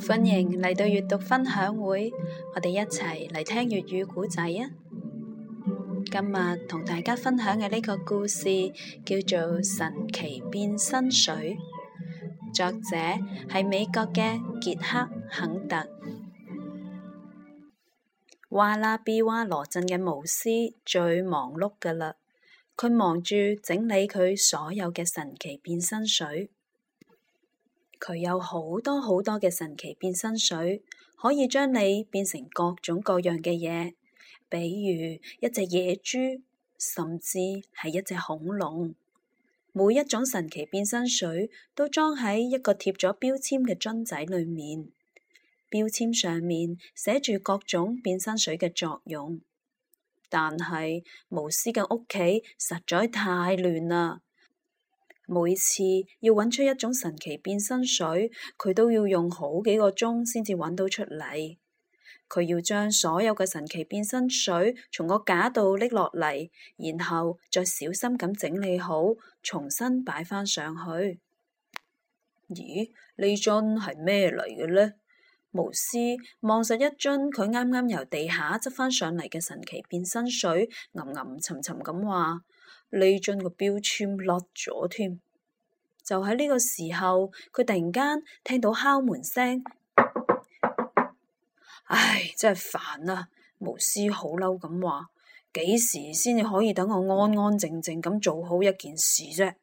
歡迎嚟到閱讀分享會，我哋一齊嚟聽粵語古仔啊！今日同大家分享嘅呢個故事叫做《神奇變身水》，作者係美國嘅傑克肯特。瓦拉比哇羅鎮嘅巫師最忙碌㗎喇，佢忙住整理佢所有嘅神奇變身水。佢有好多好多嘅神奇變身水，可以將你變成各種各樣嘅嘢，比如一隻野豬，甚至係一隻恐龍。每一種神奇變身水都裝喺一個貼咗標籤嘅樽仔裏面，標籤上面寫住各種變身水嘅作用。但係巫師嘅屋企實在太亂啦。每次要揾出一種神奇變身水，佢都要用好幾個鐘先至揾到出嚟。佢要將所有嘅神奇變身水從個架度拎落嚟，然後再小心咁整理好，重新擺翻上去。咦？呢樽係咩嚟嘅呢？巫師望實一樽佢啱啱由地下執返上嚟嘅神奇變身水，吟吟沉沉咁話：呢樽個標籤落咗添。就喺呢個時候，佢突然間聽到敲門聲。唉，真係煩啊！巫師好嬲咁話：幾時先至可以等我安安靜靜咁做好一件事啫？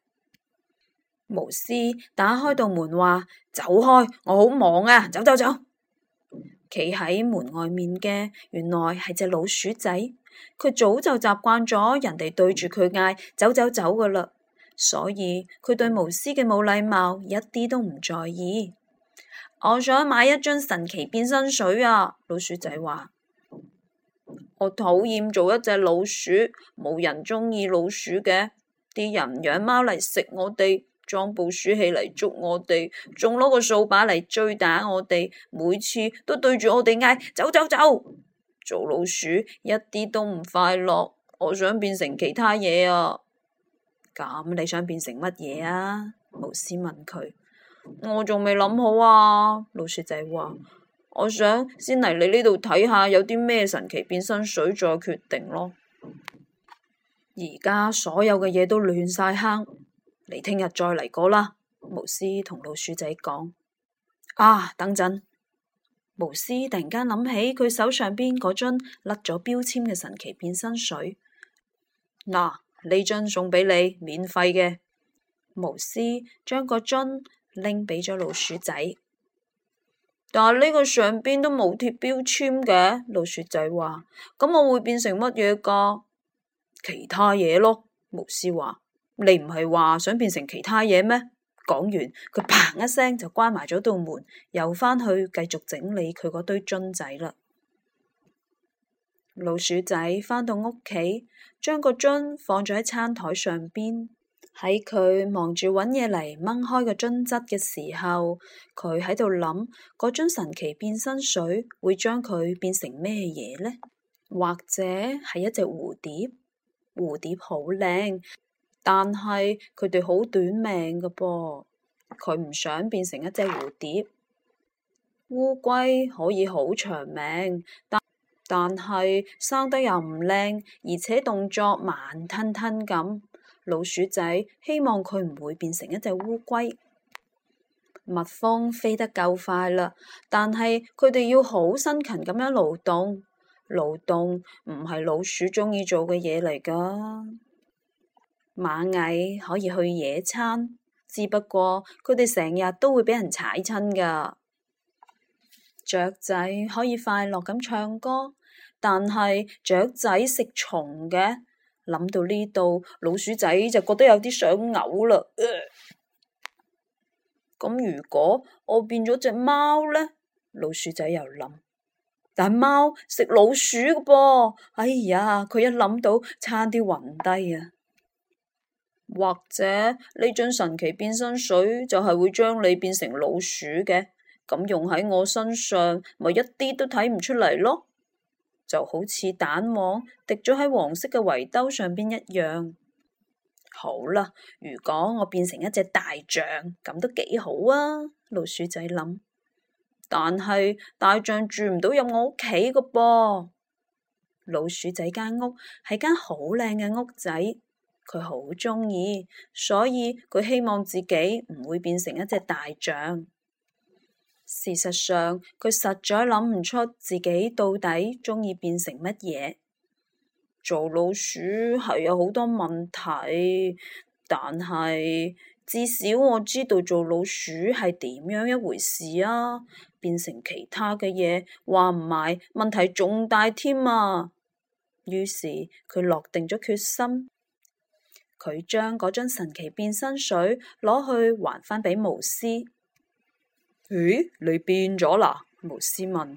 巫師打開道門話：走開，我好忙啊！走走走。企喺門外面嘅，原來係隻老鼠仔。佢早就習慣咗人哋對住佢嗌走走走㗎喇。所以佢對巫師嘅冇禮貌一啲都唔在意。我想買一樽神奇變身水啊！老鼠仔話：我討厭做一隻老鼠，冇人中意老鼠嘅。啲人養貓嚟食我哋，裝捕鼠器嚟捉我哋，仲攞個掃把嚟追打我哋。每次都對住我哋嗌走走走。做老鼠一啲都唔快樂。我想變成其他嘢啊！咁你想變成乜嘢啊？巫師問佢。我仲未諗好啊。老鼠仔話：嗯、我想先嚟你呢度睇下有啲咩神奇變身水再決定咯。而家、嗯、所有嘅嘢都亂晒坑，你聽日再嚟過啦。巫師同老鼠仔講。啊，等陣。巫師突然間諗起佢手上邊嗰樽甩咗標籤嘅神奇變身水。嗱、啊。呢樽送俾你，免費嘅。巫師將個樽拎俾咗老鼠仔，但係呢個上邊都冇貼標籤嘅。老鼠仔話：咁我會變成乜嘢噶？其他嘢咯。巫師話：你唔係話想變成其他嘢咩？講完，佢砰一聲就關埋咗道門，又返去繼續整理佢嗰堆樽仔啦。老鼠仔返到屋企，將個樽放咗喺餐台上邊。喺佢忙住揾嘢嚟掹開個樽塞嘅時候，佢喺度諗：嗰樽神奇變身水會將佢變成咩嘢呢？或者係一隻蝴蝶？蝴蝶好靚，但係佢哋好短命㗎噃。佢唔想變成一隻蝴蝶。烏龜可以好長命，但。但係生得又唔靚，而且動作慢吞吞咁。老鼠仔希望佢唔會變成一隻烏龜。蜜蜂飛得夠快啦，但係佢哋要好辛勤咁樣勞動。勞動唔係老鼠鍾意做嘅嘢嚟噶。螞蟻可以去野餐，只不過佢哋成日都會俾人踩親噶。雀仔可以快樂咁唱歌。但係雀仔食蟲嘅，諗到呢度，老鼠仔就覺得有啲想嘔啦。咁、呃、如果我變咗隻貓呢？老鼠仔又諗，但貓食老鼠嘅噃。哎呀，佢一諗到差啲暈低啊！或者呢樽神奇變身水就係會將你變成老鼠嘅，咁用喺我身上，咪一啲都睇唔出嚟咯。就好似蛋黃滴咗喺黃色嘅圍兜上邊一樣。好啦，如果我變成一隻大象，咁都幾好啊！老鼠仔諗，但係大象住唔到入我屋企個噃。老鼠仔間屋係間好靚嘅屋仔，佢好鍾意，所以佢希望自己唔會變成一隻大象。事實上，佢實在諗唔出自己到底鍾意變成乜嘢。做老鼠係有好多問題，但係至少我知道做老鼠係點樣一回事啊！變成其他嘅嘢，話唔埋問題仲大添啊！於是佢落定咗決心，佢將嗰張神奇變身水攞去還返俾巫師。咦，你變咗啦？巫師問。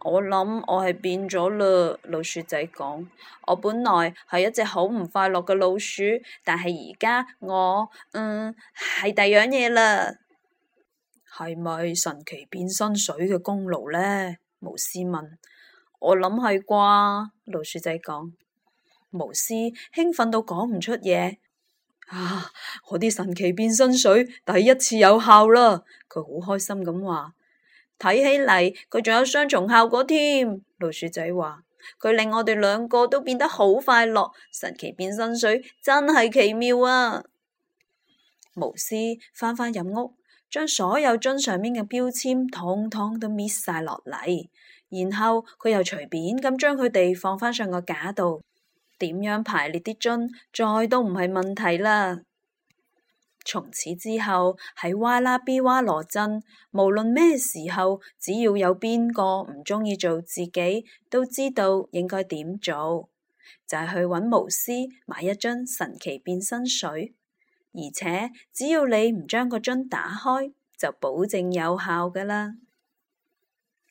我諗我係變咗啦。老鼠仔講：我本來係一隻好唔快樂嘅老鼠，但係而家我，嗯，係第樣嘢啦。係咪神奇變身水嘅功勞呢？巫師問。我諗係啩？老鼠仔講。巫師興奮到講唔出嘢。啊！我啲神奇變身水第一次有效啦！佢好開心咁話，睇起嚟佢仲有雙重效果添。老鼠仔話佢令我哋兩個都變得好快樂，神奇變身水真係奇妙啊！巫師翻返入屋，將所有樽上面嘅標籤統統都搣晒落嚟，然後佢又隨便咁將佢哋放翻上個架度，點樣排列啲樽再都唔係問題啦。從此之後喺哇啦比哇羅鎮，無論咩時候，只要有邊個唔鍾意做自己，都知道應該點做，就係去揾巫師買一樽神奇變身水，而且只要你唔將個樽打開，就保證有效㗎喇。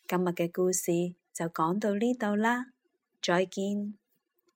今日嘅故事就講到呢度啦，再見。